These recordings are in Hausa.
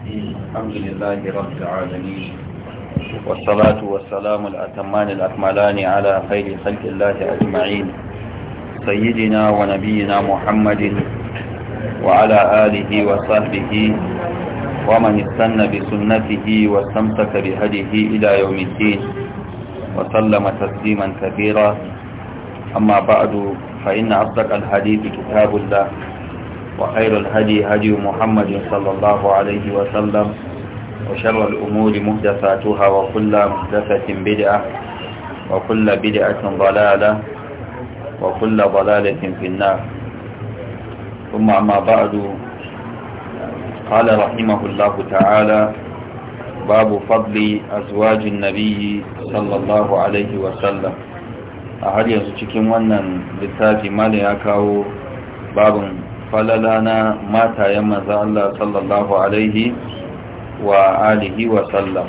الحمد لله رب العالمين والصلاة والسلام الأتمان الأكملان على خير خلق الله أجمعين سيدنا ونبينا محمد وعلى آله وصحبه ومن استنى بسنته واستمسك بهديه إلى يوم الدين وسلم تسليما كثيرا أما بعد فإن أصدق الحديث كتاب الله وخير الهدي هدي محمد صلى الله عليه وسلم وشر الأمور مهدفاتها وكل مهدفة بدعة وكل بدعة ضلالة وكل ضلالة في النار ثم أما بعد قال رحمه الله تعالى باب فضل أزواج النبي صلى الله عليه وسلم a har yanzu cikin wannan littafi mala ya kawo babin Falala na maza Allah sallallahu alaihi wa alihi wa sallam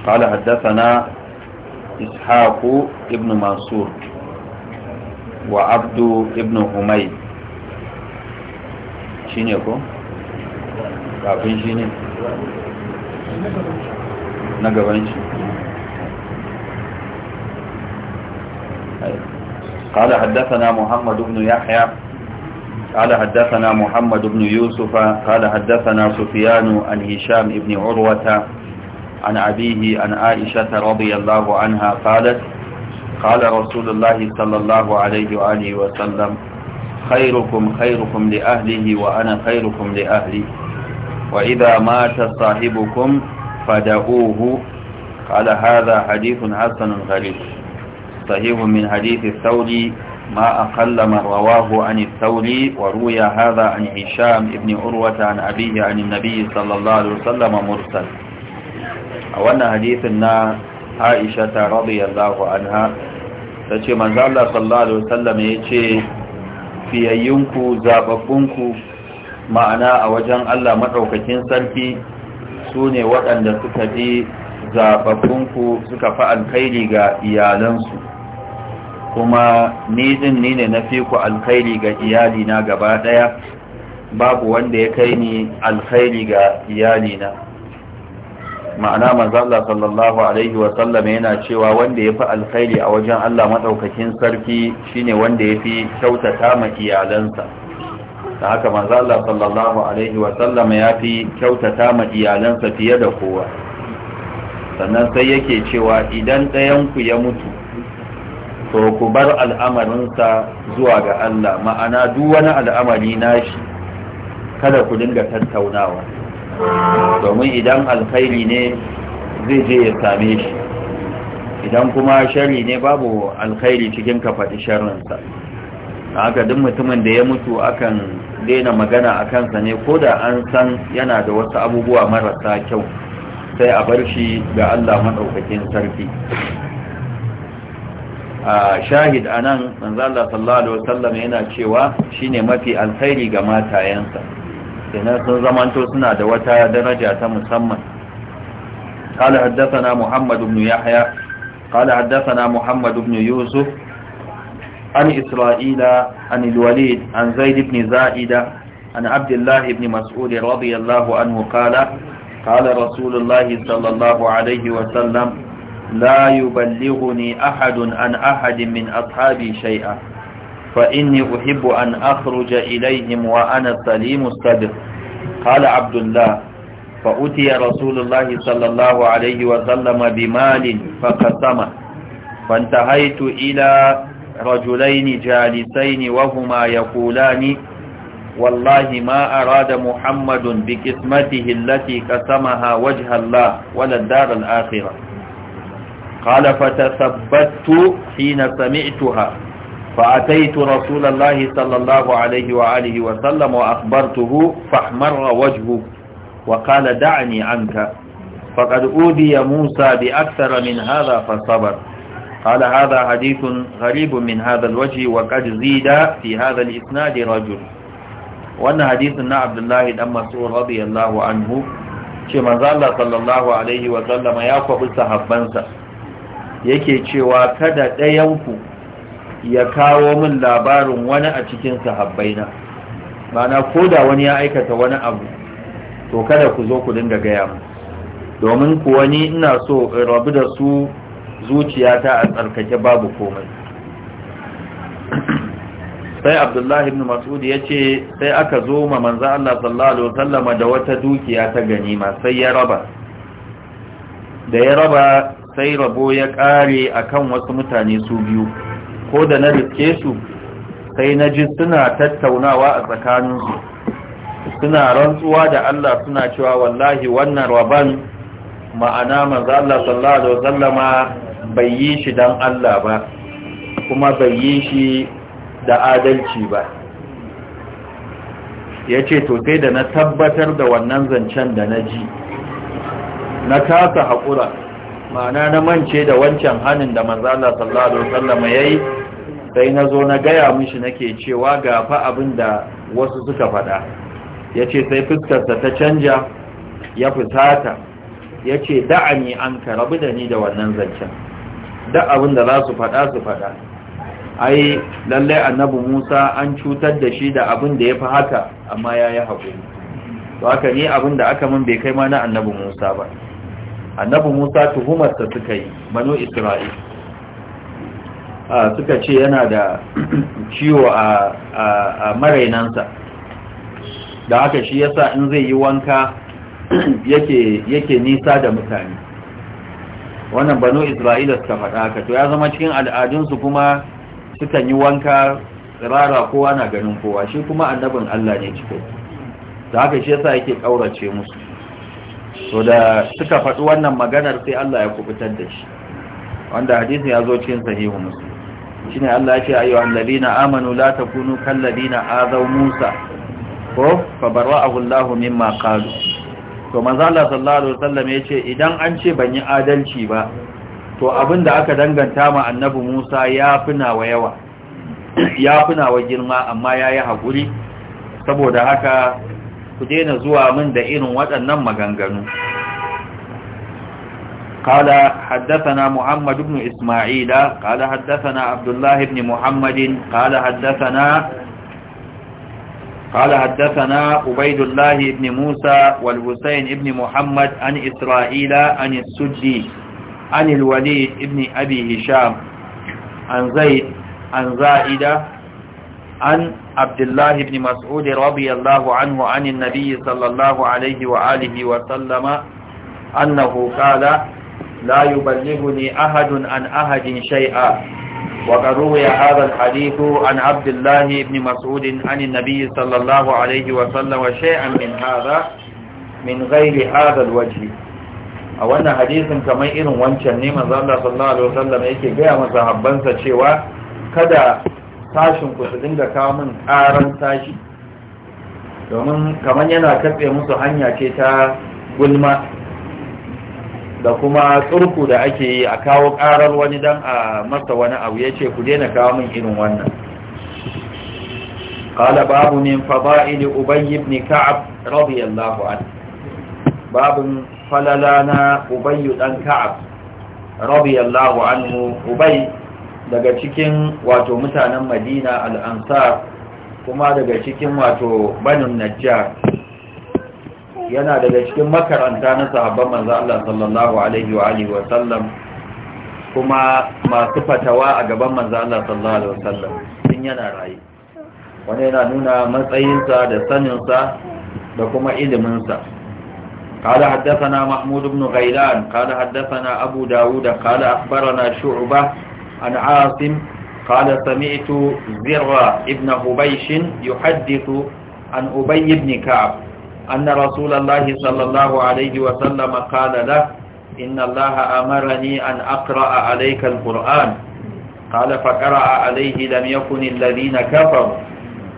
قال حدثنا إسحاق ابن منصور وعبد ابن همي شين قال حدثنا محمد بن يحيى قال حدثنا محمد بن يوسف قال حدثنا سفيان عن هشام بن عروة عن أبيه عن عائشة رضي الله عنها قالت قال رسول الله صلى الله عليه وآله وسلم خيركم خيركم لأهله وأنا خيركم لأهلي وإذا مات صاحبكم فدعوه قال هذا حديث حسن غريب صحيح من حديث الثوري ما أقل من رواه عن الثوري وروي هذا عن هشام ابن عروة عن أبيه عن النبي صلى الله عليه وسلم مرسل وأن حديثنا عائشة رضي الله عنها sace manzo Allah sallallahu alaihi wasallam yace fiyayyunku zababbunku ma'ana a wajen Allah madaukakin sarki su ne waɗanda suka bi ku suka fa'an kai ga iyalansu kuma ni din ni ne na fi ku alkhairi ga iyali na gaba daya babu wanda ya kai ni alkhairi ga iyalina. ma'ana manzala sallallahu alaihi wa sallam yana cewa wanda yafi alkhairi a wajen Allah madaukakin sarki shine wanda yafi kyautata ma iyalansa da haka manzala sallallahu alaihi wa sallam yafi kyautata ma iyalansa fiye da kowa sannan sai yake cewa idan ɗayan ku ya mutu to ku bar al'amarinsa zuwa ga Allah ma'ana duk wani al'amari nashi kada ku dinga tattaunawa domin idan alkhairi ne zai je ya same shi idan kuma shari ne babu alkhairi cikin kafaɗi sharinsa. sharrinsa haka duk mutumin da ya mutu akan daina magana a kansa ne ko da an san yana da wasu abubuwa marasa kyau sai a bar shi ga Allah maɗaukakin sarki shahid anan nan Allah sallallahu wasallam yana cewa shine mafi alkhairi ga matayensa kenan sun zamanto suna da wata daraja ta musamman قال حدثنا محمد بن يحيى قال حدثنا محمد بن يوسف عن إسرائيل عن الوليد عن زيد بن زائدة عن عبد الله بن مسعود رضي الله عنه قال قال رسول الله صلى الله عليه وسلم لا يبلغني أحد عن أحد من أصحابي شيئا فإني أحب أن أخرج إليهم وأنا السليم الصدر قال عبد الله فأتي رسول الله صلى الله عليه وسلم بمال فقسمه فانتهيت إلى رجلين جالسين وهما يقولان والله ما أراد محمد بكسمته التي قسمها وجه الله ولا الدار الآخرة قال فتثبت حين سمعتها فأتيت رسول الله صلى الله عليه وآله وسلم وأخبرته فاحمر وجهه وقال دعني عنك فقد أودي موسى بأكثر من هذا فصبر قال هذا حديث غريب من هذا الوجه وقد زيد في هذا الإسناد رجل وأن حديث عبد الله بن مسعود رضي الله عنه شمزال صلى الله عليه وسلم يقف صحبانسا yake cewa kada ɗayanku ya kawo min labarin wani a cikin sahabbaina mana ko da wani ya aikata wani abu to kada ku zo ku dinga gaya mu domin ku wani ina so in rabu da su zuciyata a tsarkake babu komai sai abdullahi ibn mas'ud ya ce sai aka zo ma manzo Allah sallallahu alaihi da wata dukiya ta ganima sai ya raba da ya raba sai rabo ya ƙare akan wasu mutane su biyu ko da na riske su sai na ji suna tattaunawa a tsakaninsu suna rantsuwa da Allah suna cewa wallahi wannan rabon" ma'ana manzo Allah sallallahu alaihi wasallam bai yi shi dan Allah ba kuma bai yi shi da adalci ba yace to sai da na tabbatar da wannan zancen da na ji na kasa haƙura ma'ana na mance da wancan hannun da manzo Allah sallallahu alaihi wasallam yayi sai na zo na gaya mishi nake cewa ga fa abin da wasu suka faɗa yace sai fuskarsa ta canja ya fusata yace da'ani an rabu da ni da wannan zancen Da abin da za su faɗa su faɗa ai lalle annabi Musa an cutar da shi da abin da yafi haka amma yayi hakuri to haka ne abin da aka min bai kai ma na annabi Musa ba annabi musa tuhumarsa suka yi manu isra'il ah, suka ce yana da ciwo a marainansa da haka shi yasa in zai yi wanka yake nisa da mutane wannan banu isra'ila suka faɗa haka to ya zama cikin al'adunsu kuma sukan yi wanka rara kowa na ganin kowa shi kuma annabin allah ne ciko da haka shi yasa yake ƙaurace musu to da suka faɗi wannan maganar sai Allah ya kubutar da shi wanda hadisin ya zo cikin sahihu shi shine Allah ya ce ayyuhal ladina amanu la takunu kal ladina azaw Musa ko fa barra'ahu Allah mimma qalu to manzo Allah sallallahu alaihi wasallam ce, idan an ce ban yi adalci ba to abinda aka danganta ma annabi Musa ya fina wa yawa ya fina wa girma amma yayi hakuri saboda haka ku daina zuwa min da irin waɗannan maganganu kala haddasana muhammad ibn isma'ila kala haddasana abdullahi ibn muhammadin kala haddasana قال حدثنا عبيد الله بن موسى والحسين بن محمد عن إسرائيل عن السجي عن الوليد بن أبي هشام عن عبد الله بن مسعود رضي الله عنه عن النبي صلى الله عليه وآله وسلم أنه قال لا يبلغني أحد عن أحد شيئا وقد روي هذا الحديث عن عبد الله بن مسعود عن النبي صلى الله عليه وسلم شيئا من هذا من غير هذا الوجه a wannan hadisin kamar irin wancan ne manzo Allah sallallahu alaihi wasallam yake gaya masa habbansa cewa kada tashin ku su dinga kawo min ƙaran tashi domin kamar yana katse musu hanya ce ta gulma da kuma tsurku da ake yi a kawo ƙarar wani dan a masa wani abu ya ce ku daina kawo min irin wannan قال babu من فضائل أبي بن كعب رضي الله عنه باب فللانا أبي بن كعب رضي الله عنه daga cikin wato mutanen madina al'ansar kuma daga cikin wato banin najjar yana daga cikin makaranta na sahabban manzo Allah sallallahu alaihi wa alihi wa sallam kuma masu fatawa a gaban manzo Allah sallallahu alaihi wa sallam sun yana raye. wani yana nuna matsayinsa da saninsa da kuma iliminsa قال حدثنا محمود بن غيلان قال حدثنا أبو داود قال أخبرنا شعبة عن عاصم قال سمعت زرع ابن هبيش يحدث عن أبي بن كعب أن رسول الله صلى الله عليه وسلم قال له إن الله أمرني أن أقرأ عليك القرآن قال فقرأ عليه لم يكن الذين كفروا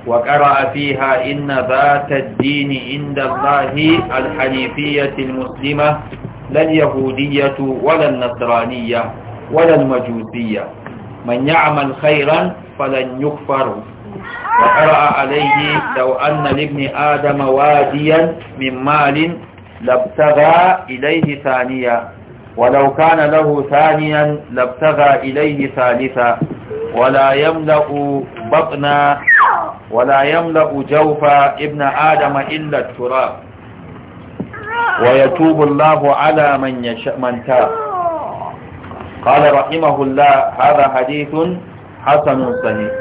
وقرأ فيها إن ذات الدين عند الله الحنيفية المسلمة لا اليهودية ولا النصرانية ولا المجوسية من يعمل خيرا فلن يكفر وقرأ عليه لو أن لابن آدم واديا من مال لابتغى إليه ثانيا ولو كان له ثانيا لابتغى إليه ثالثا ولا يملأ بطنا ولا يملأ جوف ابن آدم إلا التراب ويتوب الله على من, يشاء من تاب قال رحمه الله هذا حديث حسن صحيح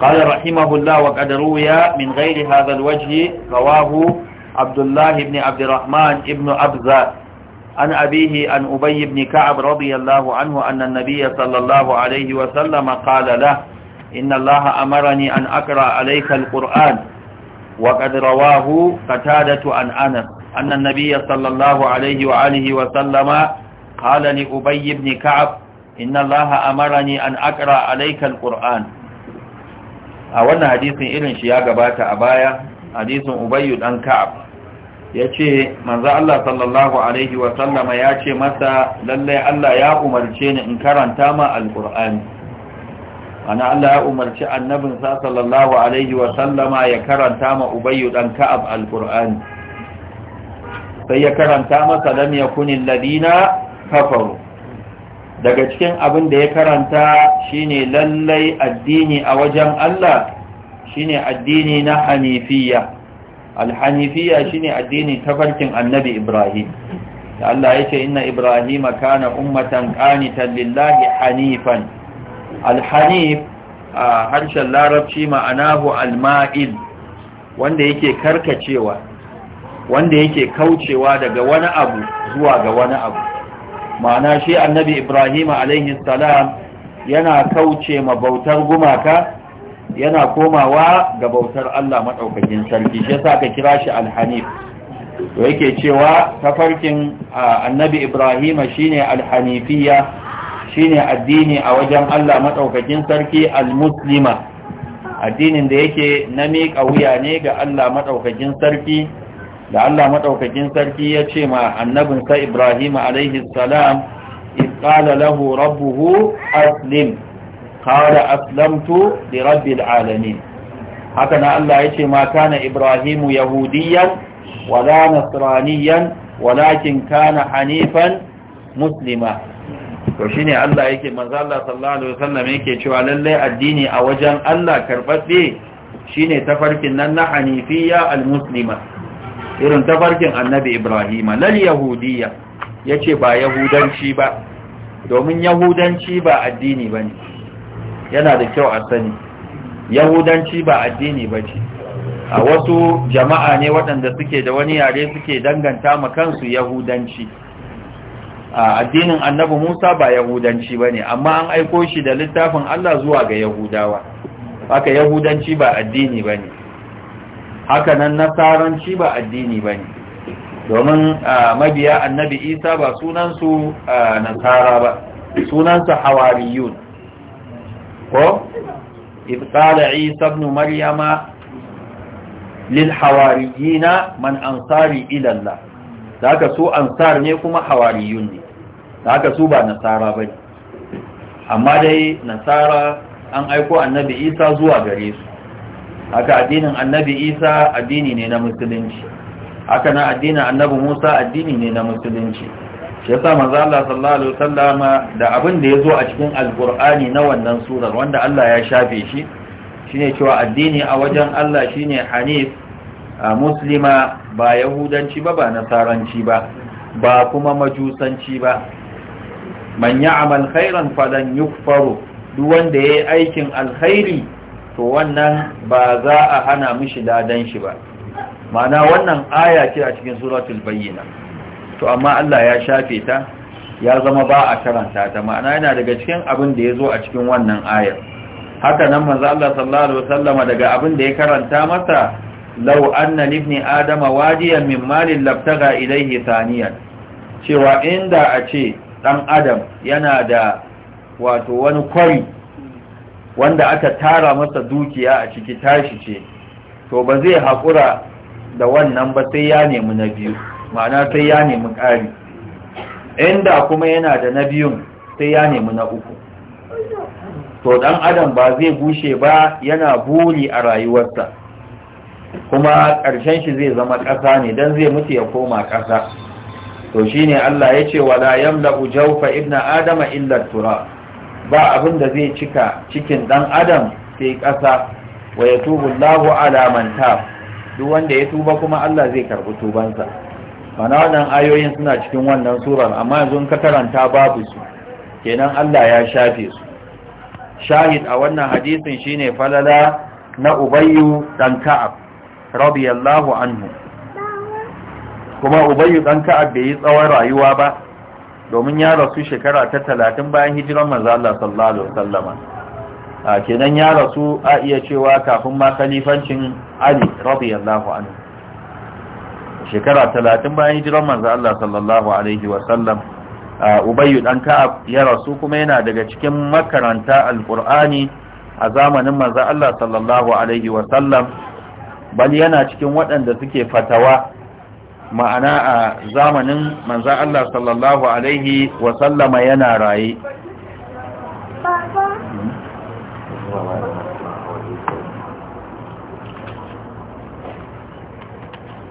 قال رحمه الله وقد روي من غير هذا الوجه رواه عبد الله بن عبد الرحمن بن أبزة عن أبيه عن أبي بن كعب رضي الله عنه أن النبي صلى الله عليه وسلم قال له إن الله أمرني أن أقرأ عليك القرآن وقد رواه قتادة عن أنس أن النبي صلى الله عليه وآله وسلم قال لأبي بن كعب إن الله أمرني أن أقرأ عليك القرآن أولا حديث إلن شياغ بات أبايا حديث أبي بن كعب yace manzo Allah sallallahu alaihi wa sallama yace masa lalle Allah ya umarce ni in karanta ma alqur'ani ana Allah ya umarci annabinsa sallallahu alaihi wa sallama ya karanta ma ubayyu dan ka'ab alqur'ani sai ya karanta masa lam yakunil ladina kafaru daga cikin abin da ya karanta shine lallai addini a wajen Allah shine addini na hanifiya alhanifiya shine addini tafarkin annabi Ibrahim da Allah ya ce inna ibrahima kana ummatan qanitan lillahi hanifan alhanif a harshen larabci ma'anahu alma'il wanda yake karkacewa wanda yake kaucewa daga wani abu zuwa ga wani abu ma'ana shi annabi ibrahim alaihi salam yana kauce ma bautar gumaka yana komawa ga bautar Allah maɗaukakin sarki shi sa ka kira shi alhanif to yake cewa tafarkin annabi ibrahim shine alhanifiya shine addini a wajen Allah maɗaukakin sarki almuslima addinin da yake na miƙa wuya ne ga Allah maɗaukakin sarki da Allah maɗaukakin sarki ya ce ma annabinsa Ibrahim alaihi salam lahu rabbuhu aslim qala aslamtu li rabbil alamin haka na Allah ya ce ma kana Ibrahimu yahudiyan wala nasraniyan walakin kana hanifan muslima to shine Allah yake manzo Allah sallallahu alaihi wasallam ke cewa lallai addini a wajen Allah karbabbe shine tafarkin nan na hanifiya almuslima irin tafarkin annabi ibrahima lal yahudiyya yace ce ba yahudanci ba domin yahudanci ba addini ba yana da kyau a sani yahudanci ba addini ba a wasu jama'a ne waɗanda suke da wani yare suke danganta ma kansu yahudanci a addinin annabi musa ba yahudanci bane amma an aiko shi da littafin allah zuwa ga yahudawa haka yahudanci ba addini ba haka nan nasaranci ba addini ba ne domin mabiya annabi isa ba sunansu nasara ba sunansu hawariyun ko ibtala isa ibn maryama lil hawariyina man ansari ila Allah haka su ansar ne kuma hawariyun ne haka su ba nasara ba ne amma dai nasara an aiko annabi isa zuwa gare su haka addinin annabi isa addini ne na musulunci haka na addinin annabi musa addini ne na musulunci shi yasa manzo Allah sallallahu alaihi wasallama da abin da yazo a cikin alqur'ani na wannan surar wanda Allah ya shafe shi shine cewa addini a wajen Allah shine hanif muslima ba yahudanci ba ba nasaranci ba ba kuma majusanci ba man ya'mal khairan falan yukfaru duk wanda yayi aikin alkhairi to wannan ba za a hana mishi ladan shi ba ma'ana wannan aya ce a cikin suratul bayyina to amma Allah ya shafe ta ya zama ba a karanta ta ma'ana yana daga cikin abin da ya zo a cikin wannan ayar haka nan manzo Allah sallallahu alaihi wasallam daga abin da ya karanta masa law anna ibni adama wadiyan min malin labtaga ilayhi thaniyan cewa inda a ce dan adam yana da wato wani kwari wanda aka tara masa dukiya a ciki tashi ce to ba zai haƙura da wannan ba sai ya nemi na biyu ma'ana sai ya nemi ƙari inda kuma yana da na biyun sai ya nemi na uku to ɗan adam ba zai bushe ba yana buri a rayuwarsa kuma ƙarshen shi zai zama ƙasa ne don zai mutu ya koma ƙasa to shine Allah ya ce wala yamla ujawfa ibna adama illa turab ba abin da zai cika cikin dan adam sai ƙasa wa ya tubu Allahu ala duk wanda ya tuba kuma Allah zai karɓi tubansa mana wannan ayoyin suna cikin wannan surar amma yanzu in ka karanta babu su kenan Allah ya shafe su shahid a wannan hadisin shine falala na Ubayyu dan Ka'ab radiyallahu anhu kuma Ubayyu dan Ka'ab bai yi tsawon rayuwa ba domin ya rasu shekara ta talatin bayan hijiran manzo Allah sallallahu alaihi wasallama a kenan ya rasu a iya cewa kafin ma kalifancin Ali radiyallahu anhu shekara talatin bayan hijiran manzo Allah sallallahu alaihi wasallam Ubayyu dan Ka'ab ya rasu kuma yana daga cikin makaranta Alkur'ani a zamanin manzo Allah sallallahu alaihi wasallam bal yana cikin waɗanda suke fatawa ma'ana a zamanin manzan Allah sallallahu Alaihi wasallama yana raye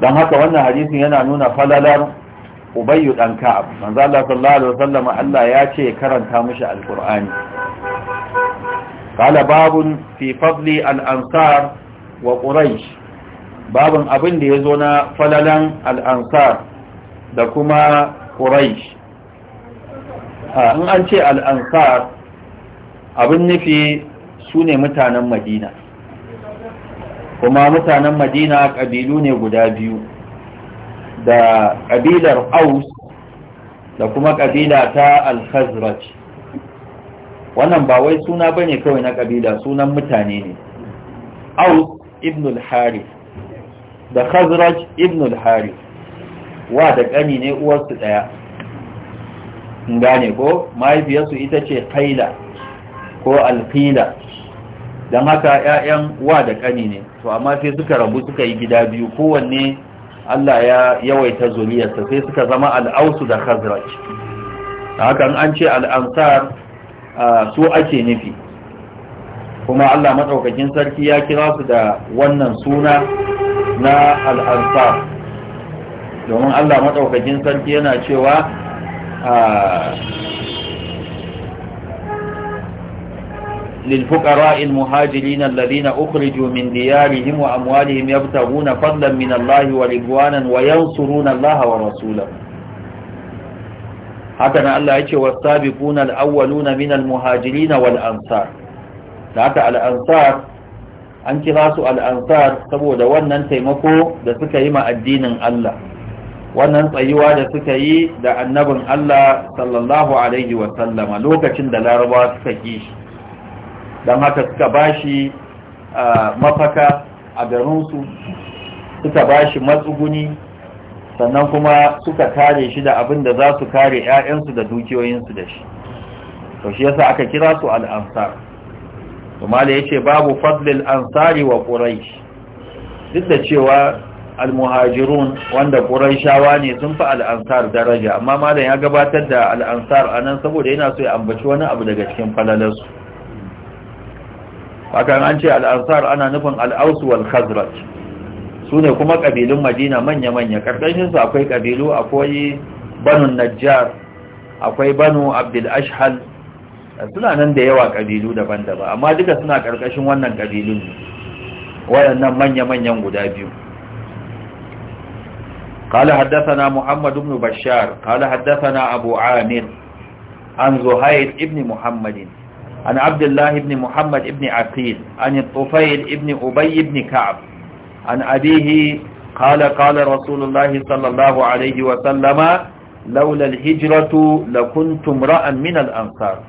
don haka wannan hadisin yana nuna falalar ubayyu ɗan ka'ab manzan Allah sallallahu Alaihi wasallama Allah ya ce karanta mushi alkur'ani قال باب في فضل الأنصار وقريش babin abin da ya zo na falalan al'ansar da kuma ƙuraish in an ce al'ansar abin nufi su ne mutanen madina kuma mutanen madina ƙabilu ne guda biyu da ƙabilar aus da kuma ƙabila ta al wannan ba wai suna bane kawai na ƙabila sunan mutane ne aus ibn al-harith da khazraj ibn al hari wa da ƙani ne uwarsu ɗaya gane ko mahaifiyarsu ita ce kaila ko alfila don haka 'ya'yan wa da kani ne to amma sai suka rabu suka yi gida biyu kowanne Allah ya yawaita zuriyarsa sai suka zama al'ausu da khazraj hakan an ce al'ansar su ake nufi kuma Allah maɗaukakin sarki ya kira su da wannan suna na al'arfar domin allah maɗaukakin sarki yana cewa للفقراء المهاجرين الذين أخرجوا من ديارهم وأموالهم يبتغون فضلا من الله ورضوانا وينصرون الله ورسوله هكذا الله يجي والسابقون الأولون من المهاجرين والأنصار لذلك الأنصار an kira su al'ansar saboda wannan taimako da suka yi ma addinin Allah wannan tsayuwa da suka yi da annabin Allah sallallahu alaihi wasallama lokacin da larabawa suka kishi, shi don haka suka bashi mafaka a garinsu suka bashi matsuguni sannan kuma suka kare shi da abin da za su kare 'ya'yansu da dukiyoyinsu da shi to shi yasa aka kira su al'ansar kuma ya ce babu fadlil ansari wa quraish duk da cewa muhajirun wanda quraishawa ne sun fi al'ansar daraja amma malam ya gabatar da al'ansar a anan saboda yana so ya ambaci wani abu daga cikin falalarsu hakan an ce al'ansar ana nufin al wal khazraj su ne kuma ƙabilun madina manya-manya ƙarƙashinsu akwai ƙabilu akwai banu najjar akwai banu abdul ashhal suna nan da yawa ƙabilu daban-daban amma duka suna ƙarƙashin wannan ƙabilun waɗannan manya-manyan guda biyu ƙala haddasa muhammad ibn bashar ƙala haddasa na abu amir an zuhair ibn muhammadin an abdullahi ibn muhammad ibn aqil an tufail ibn ubay ibn ka'ab an abihi ƙala ƙala rasulullahi sallallahu alaihi wasallama laula alhijratu lakuntum ra'an ansar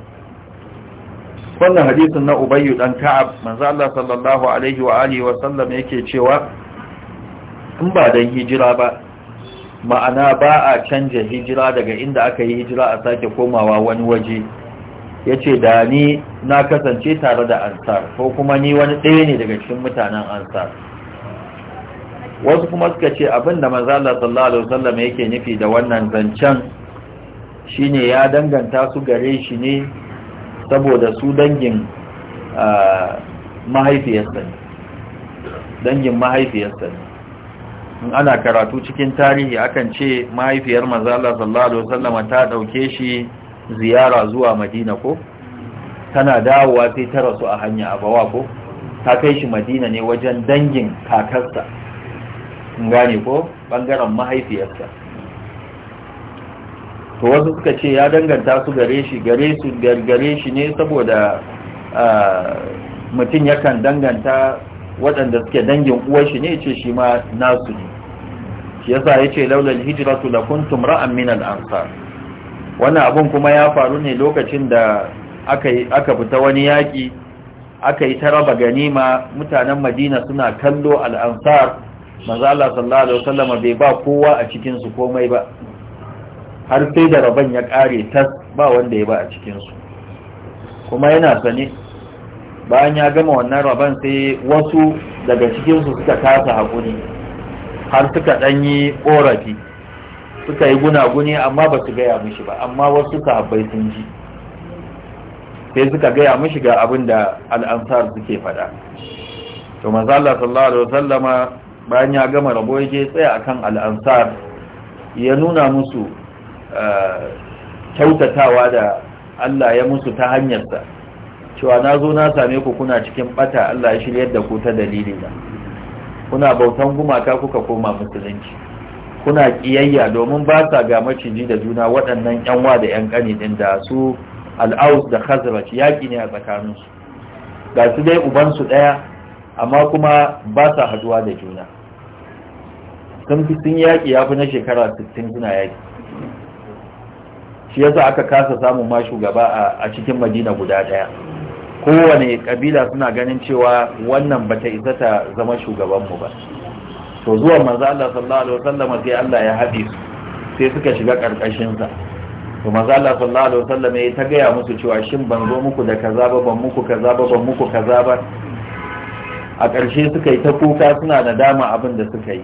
wannan hadisin na ubayyu dan ka'ab manzo Allah sallallahu alaihi wa alihi wa sallam yake cewa in ba dan hijira ba ma'ana ba a canja hijira daga inda aka yi hijira a sake komawa wani waje yace da ni na kasance tare da ansar ko kuma ni wani ɗaya ne daga cikin mutanen ansar wasu kuma suka ce abinda manzo Allah sallallahu alaihi wa sallam yake nufi da wannan zancen shine ya danganta su gare shi ne saboda su dangin mahaifiyarsa ne dangin mahaifiyarsa ne in ana karatu cikin tarihi akan ce mahaifiyar mazala sallallahu alaihi wasallam ta dauke shi ziyara zuwa madina ko tana dawowa sai ta rasu a hanya abawa ko ta kai shi madina ne wajen dangin kakarsa in gane ko bangaren mahaifiyarsa to wasu suka ce ya danganta su gare shi gare su gare shi ne saboda mutum yakan danganta waɗanda suke dangin uwar shi ne ce shi ma nasu ne shi yasa yace laulal da lakuntum ra'an min al-ansar wannan abun kuma ya faru ne lokacin da aka fita wani yaƙi aka yi taraba ganima mutanen Madina suna kallo al-ansar Allah sallallahu alaihi wasallama bai ba kowa a cikinsu komai ba har sai da rabon ya ƙare tas ba wanda ya ba a cikinsu kuma yana sane bayan ya gama wannan rabon sai wasu daga cikinsu suka tasa haƙuri har suka ɗanyi ƙorafi suka yi gunaguni amma ba su gaya mishi ba amma wasu sahabbai sun ji sai suka gaya mishi ga abin da al'ansar suke faɗa to mazala sallallahu alaihi wasallama bayan ya gama rabo yake tsaya akan al'ansar ya nuna musu kyautatawa da Allah ya musu ta hanyarsa cewa na zo na same ku kuna cikin bata Allah ya shiryar da ku ta dalili na kuna bautan gumaka kuka koma musulunci kuna kiyayya domin ba sa ga maciji da juna waɗannan yanwa da yan kani din da su al'aus da khazraj yaki ne a tsakaninsu ga su dai ubansu ɗaya amma kuma ba sa haduwa da juna sun fi sun yaƙi ya fi na shekara 60 suna yaƙi shi yasa aka kasa samun ma shugaba a cikin madina guda daya kowane kabila suna ganin cewa wannan bata isa ta zama shugabanmu ba to zuwa manzo Allah sallallahu alaihi wasallam sai Allah ya hadi sai suka shiga karkashin sa to manzo Allah sallallahu alaihi wasallam ya ta gaya musu cewa shin ban zo muku da kaza ba ban muku kaza ba ban muku kaza ba a ƙarshe suka yi ta kuka suna nadama abin da suka yi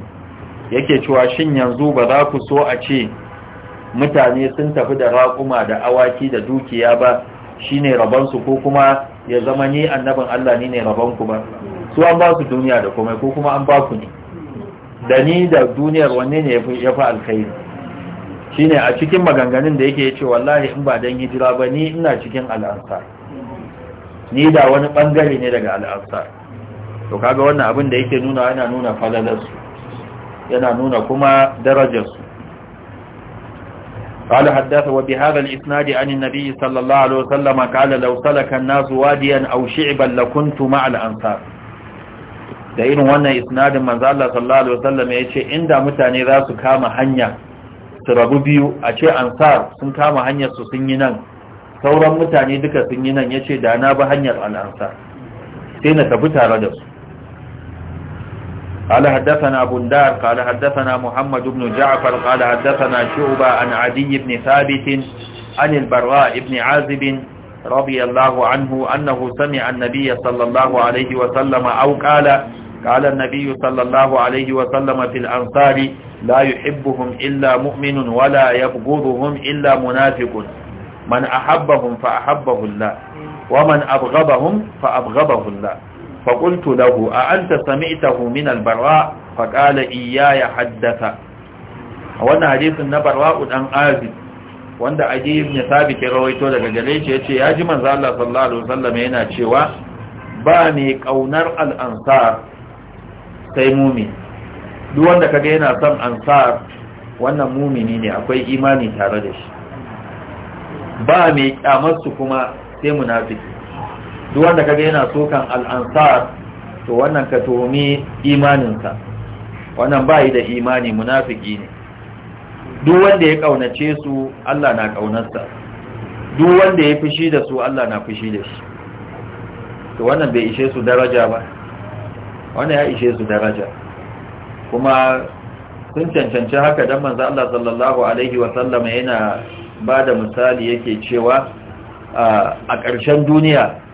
yake cewa shin yanzu ba za ku so a ce mutane sun tafi da raƙuma da awaki da dukiya ba shine rabansu ko kuma ya zama ni annabin Allah ni ne rabanku ba su an ba su duniya da komai ko kuma an ba ku ne da ni da duniyar wanne ne ya fi alkhairi Shi ne a cikin maganganun da yake ce wallahi in ba dan hijira ba ni ina cikin al'ansa. ni da wani bangare ne daga al'ansa. to kaga wannan abin da yake nuna yana nuna falalarsu yana nuna kuma darajarsu قال حدث وبهذا الإسناد عن النبي صلى الله عليه وسلم قال لو سلك الناس واديا أو شعبا لكنت مع الأنصار da irin wannan isnadin manzo Allah sallallahu alaihi wasallam ya ce inda mutane za su kama hanya su rabu biyu a ce ansar sun kama hanyar su sun yi nan sauran mutane duka sun yi nan yace da na bi hanyar al sai na tafi tare da su قال حدثنا بندار قال حدثنا محمد بن جعفر قال حدثنا شعبة عن عدي بن ثابت عن البراء بن عازب رضي الله عنه أنه سمع النبي صلى الله عليه وسلم أو قال قال النبي صلى الله عليه وسلم في الأنصار لا يحبهم إلا مؤمن ولا يبغضهم إلا منافق من أحبهم فأحبه الله ومن أبغضهم فأبغضه الله فقلت له أأنت سمعته من البراء فقال إياي حدث hadisin na النبراء الآن آزد wanda aji ibn sabit rawaito daga gare shi yace ya ji manzo Allah yana cewa ba ne kaunar al-ansar sai mumin duk wanda kaga yana son ansar wannan mumini ne akwai imani tare da shi ba mai kyamar kuma sai munafiki duk wanda kaga yana sokan al'ansar to wannan ka tuhumi imaninsa wannan bayi da imani munafiki ne duk wanda ya kaunace su Allah na kaunarsa duk wanda ya fushi da su Allah na fushi da shi to wannan bai ishe su daraja ba wannan ya ishe su daraja kuma sun cancanci haka dan manzo Allah sallallahu alaihi wa sallama yana bada misali yake cewa a ƙarshen duniya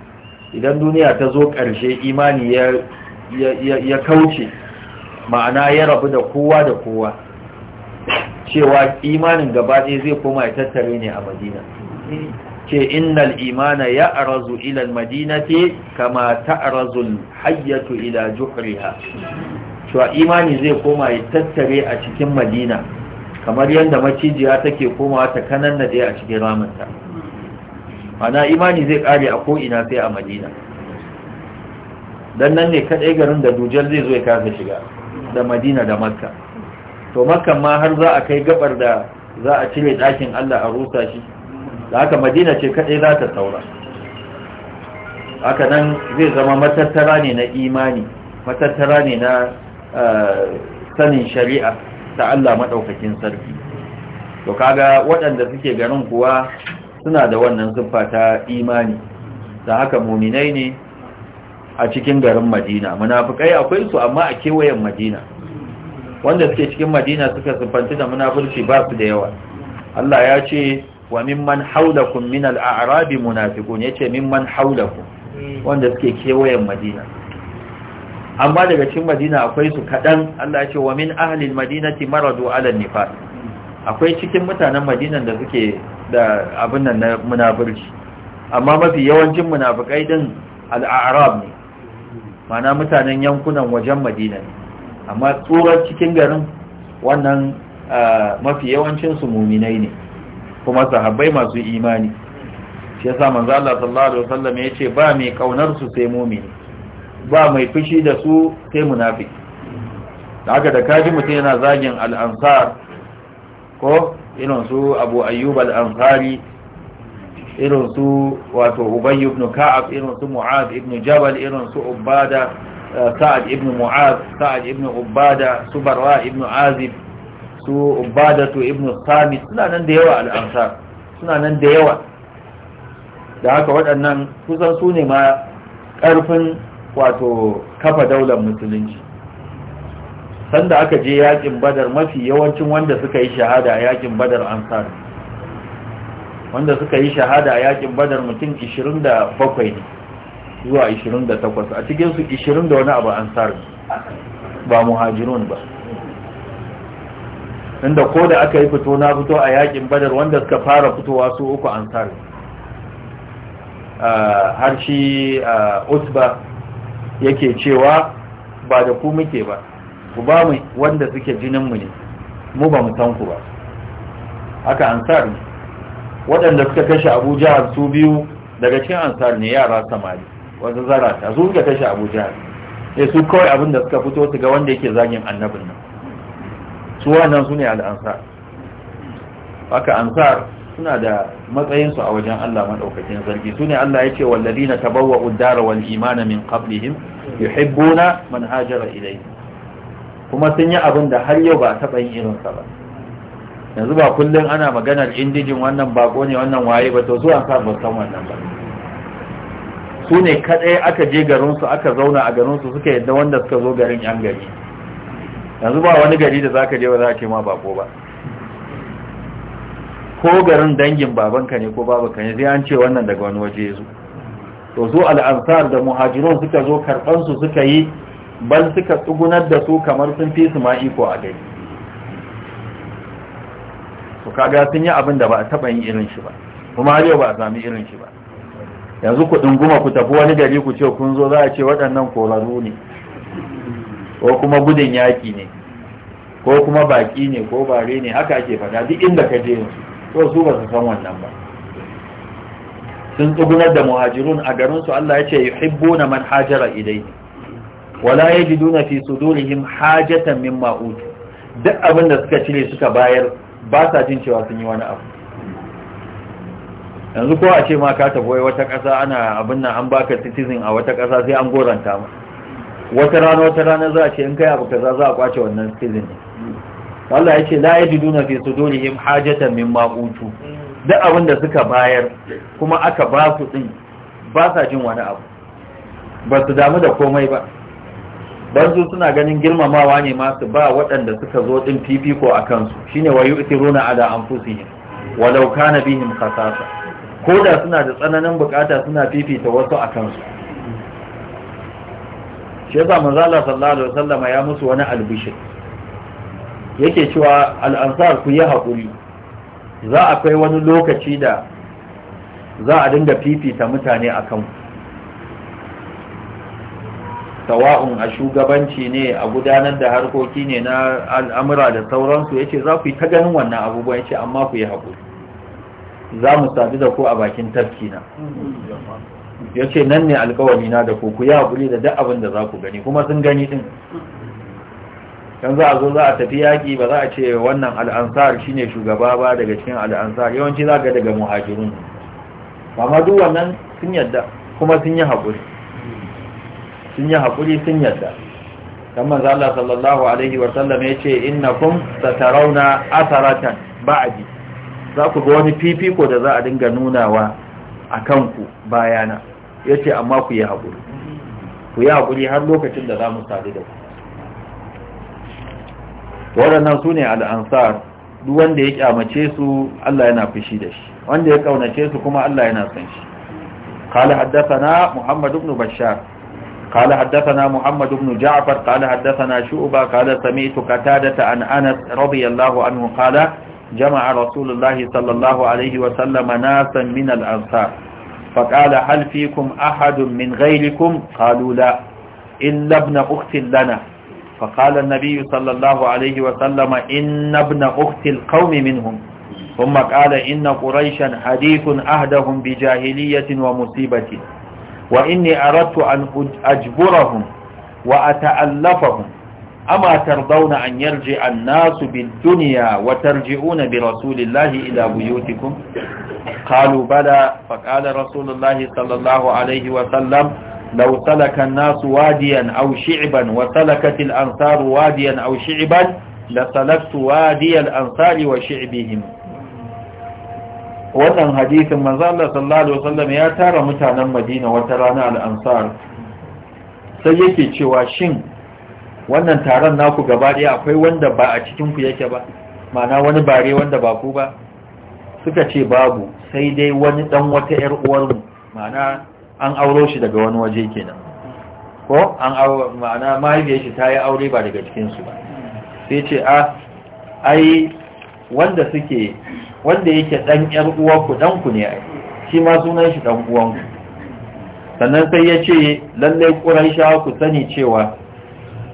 idan duniya ta zo ƙarshe imani ya kauce ma'ana ya rabu da kowa da kowa cewa imanin gabaɗe zai koma ya tattare ne a madina ce innal imana ya arazu ilal madinati kama ta arazul hayyatu ila juhriha cewa imani zai koma ya tattare a cikin madina kamar yadda macijiya take komawa ta kanan a cikin ramunta ana imani zai kare a ko'ina sai a madina don nan ne kaɗai garin da dujal zai zo ya kasa shiga da madina da makka to makka ma har za a kai gabar da za a cire dakin allah a rusa shi da haka madina ce kaɗai za ta saura haka nan zai zama matattara ne na imani matattara ne na eh, sanin shari'a ta allah maɗaukakin sarki to kaga waɗanda suke garin kuwa suna da wannan siffa ta imani da haka muminai ne a cikin garin madina munafukai akwai su amma a kewayen madina wanda suke cikin madina suka siffanci da munafurci ba su da yawa Allah ya ce wa mimman haulakum min al'arabi munafiqun yace mimman haulakum wanda suke kewayen madina amma daga cikin madina akwai su kadan Allah ya ce wa min ahli al-madinati maradu ala an akwai cikin mutanen madinan da suke da abin nan na munafurci amma mafi yawancin munafukai din al'arab ne mana mutanen yankunan wajen madina ne amma tsoron cikin garin wannan mafi yawancin su muminai ne kuma sahabbai masu imani shi yasa manzo Allah sallallahu alaihi wasallam ce, ba mai kaunar su sai mumini ba mai fushi da su sai munafiki da haka da kaji mutum yana zagin al'ansar ko irin su abu ayyub al-ansari irin su wato ubayyu ibn ka'ab irin su mu'az ibn jabal irin su ubada eh, sa'ad ibn mu'az sa'ad ibn ubada su barra ibn azib su ubada su ibn sami suna nan da yawa al-ansar suna nan da yawa da haka waɗannan kusan su ne ma ƙarfin wato kafa daular musulunci sanda aka je yakin badar mafi yawancin wanda suka yi shahada a yakin badar ansar wanda suka yi shahada a yakin badar mutum 27 ne zuwa 28 a cikinsu 20 da wani abu ansar ba muhajirun ba inda ko da aka yi fito na fito a yakin badar wanda suka fara fitowa su uku ansar har shi utba yake cewa ba da ku muke ba ku ba mu wanda suke jininmu ne mu ba mu san ku ba haka ansar ne waɗanda suka kashe Abuja su biyu daga cikin ansar ne yara samari wanda zarata su suka kashe abu eh, su kawai abin da suka fito su ga wanda yake zagin annabin nan su wannan su ne al'ansar haka ansar suna da matsayinsu a wajen Allah maɗaukakin zargi su ne Allah ya ce wallazi na tabawa uddara wal imana min qablihim yuhibbuna man hajara ilayhim kuma sun yi abin da har yau ba a taɓa yin irinsa ba yanzu ba kullum ana maganar indijin wannan bako ne wannan waye ba to zuwa sa ba san wannan ba su ne kaɗai aka je garinsu aka zauna a garinsu suka yadda wanda suka zo garin yan gari yanzu ba wani gari da zaka je ba za ke ma bako ba ko garin dangin babanka ne ko babanka ne sai an ce wannan daga wani waje ya zo to zo al'ansar da muhajirun suka zo karɓansu suka yi bal suka tsugunar da su kamar sun fi su ma iko a gani. su kaga sun yi abin da ba a taɓa yin irin shi ba kuma har yau ba a sami irin shi ba yanzu ku ɗunguma ku tafi wani gari ku ce kun zo za a ce waɗannan korarru ne ko kuma gudun yaƙi ne ko kuma baƙi ne ko bare ne haka ake faɗa duk inda ka je to su ba su san wannan ba sun tsugunar da muhajirun a garinsu Allah ya ce yuhibbuna man hajara ilayhi wala yajiduna fi sudurihim hajatan mimma utu duk abin da suka cire suka bayar ba sa jin cewa sun yi wani abu yanzu ko a ce ma ka tafi wata ƙasa ana abin nan an baka citizen a wata ƙasa sai an goranta ma wata rana wata rana za a ce in kai abu kaza za a kwace wannan citizen ne Allah ya ce la yajiduna fi sudurihim hajatan mimma utu duk abin da suka bayar kuma aka ba su din ba sa jin wani abu ba su damu da komai ba banzu suna ganin girmamawa ne masu ba waɗanda suka zo ɗin fifiko a kansu shine wa yu'thiruna ala anfusihim walau na bihin kasasa ko da suna da tsananin bukata suna fifita wasu a kansu shi yasa manzo sallallahu alaihi wasallama ya musu wani albishir yake cewa al'ansar ku yi hakuri za akwai wani lokaci da za a dinga fifita mutane a kanku sawa'un a shugabanci ne a gudanar da harkoki ne na al'amura da sauransu ya ce za ku yi ta ganin wannan abubuwa ya ce amma ku yi haƙuri za mu sadu da ku a bakin tafki na ya ce nan ne alkawari na da ku ku yi haƙuri da duk abin da za ku gani kuma sun gani ɗin kan za a zo za a tafi yaƙi ba za a ce wannan al'ansar shi ne shugaba ba daga cikin al'ansar yawanci za ga daga muhajirun amma duk wannan sun yadda kuma sun yi haƙuri sun yi haƙuri sun yadda kan manzo Allah sallallahu alaihi wa sallam yace innakum satarawna atharatan ba'di za ku ga wani fifiko da za a dinga nunawa a kanku bayana yace amma ku yi haƙuri ku yi haƙuri har lokacin da za mu sadu da ku waɗannan su ne al'ansar duk wanda ya kyamace su Allah yana fushi da shi wanda ya kaunace su kuma Allah yana san shi قال حدثنا محمد بن بشار قال حدثنا محمد بن جعفر قال حدثنا شعبة قال سمعت قتادة عن أنس رضي الله عنه قال جمع رسول الله صلى الله عليه وسلم ناسا من الأنصار فقال هل فيكم أحد من غيركم قالوا لا إلا ابن أخت لنا فقال النبي صلى الله عليه وسلم إن ابن أخت القوم منهم ثم قال إن قريشا حديث أهدهم بجاهلية ومصيبة وإني أردت أن أجبرهم وأتألفهم أما ترضون أن يرجع الناس بالدنيا وترجعون برسول الله إلى بيوتكم قالوا بلى فقال رسول الله صلى الله عليه وسلم لو سلك الناس واديا أو شعبا وسلكت الأنصار واديا أو شعبا لسلكت وادي الأنصار وشعبهم wannan hadisin manzo Allah sallallahu alaihi wasallam ya tara mutanen Madina wata rana al-Ansar sai yake cewa shin wannan taron naku gaba daya akwai wanda ba a cikin ku yake ba ma'ana wani bare wanda ba ku ba suka ce babu sai dai wani dan wata yar uwar mu ma'ana an auro shi daga wani waje kenan ko an ma'ana mahaifiyar shi ta yi aure ba daga cikin su ba sai ce a ah, ai wanda suke wanda yake dan yar ku dan ku ne shi ma sunan shi dan uwan ku. sannan sai ya ce lallai ƙuraishawa ku sani cewa